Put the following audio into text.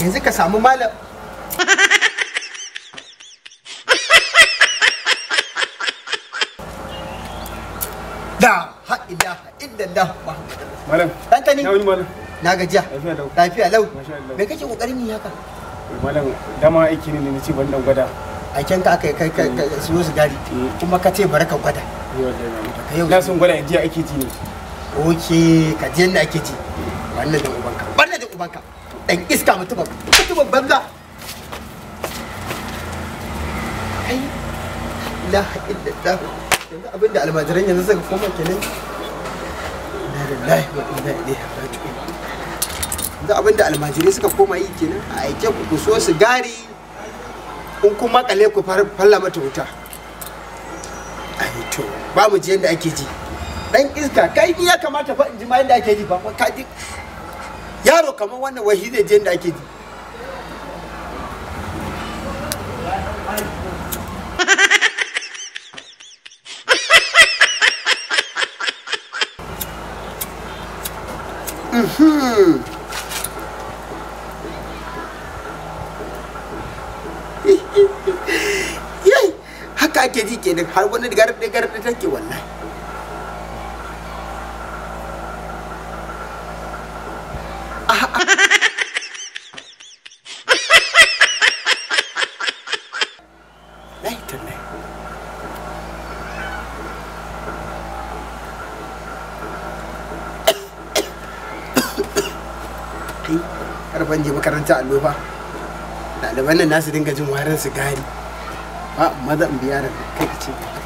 yanzu ka samu malam da ha'ila illallah malam dan tani na gajiya lafiya lau me kake kokarin ni haka malam dama aiki ne ne ce ban dan gwada can ka aka kai kai su su gari kuma ka ce bari ka gwada yau na sun gwada yanzu ake ji ne oke ka ji yadda ake ji wannan da ubanka wannan da ubanka ɗan iska mutumin mutumin banza ai la illa ta yanzu abinda almajiran yanzu suka koma kenan inna lillahi wa inna ilaihi raji'un yanzu abinda almajirai suka koma yi kenan a aike ku so sigari in kun makale ku falla mata wuta ai to ba mu ji yadda ake ji dan iska kai ni ya kamata fa in ji ma yadda ake ji ba ka ji yaro kamar wannan wahi zai je da ake ji uhm. haka ake ji kenan har wani garɗe-garɗe take wallahi karfan je makaranta allo fa ɗaliban nan nasu dinga jin warin su gani ba maza in biya da kai ce ah